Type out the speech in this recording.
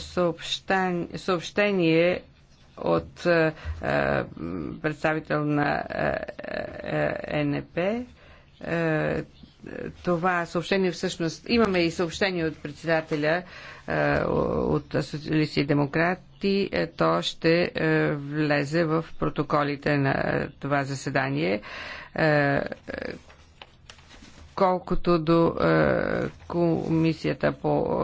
съобщен, съобщение от е, е представител на е, е, е, НП. Е, това съобщение всъщност... Имаме и съобщение от председателя от Социалисти и Демократи. То ще влезе в протоколите на това заседание. Колкото до комисията по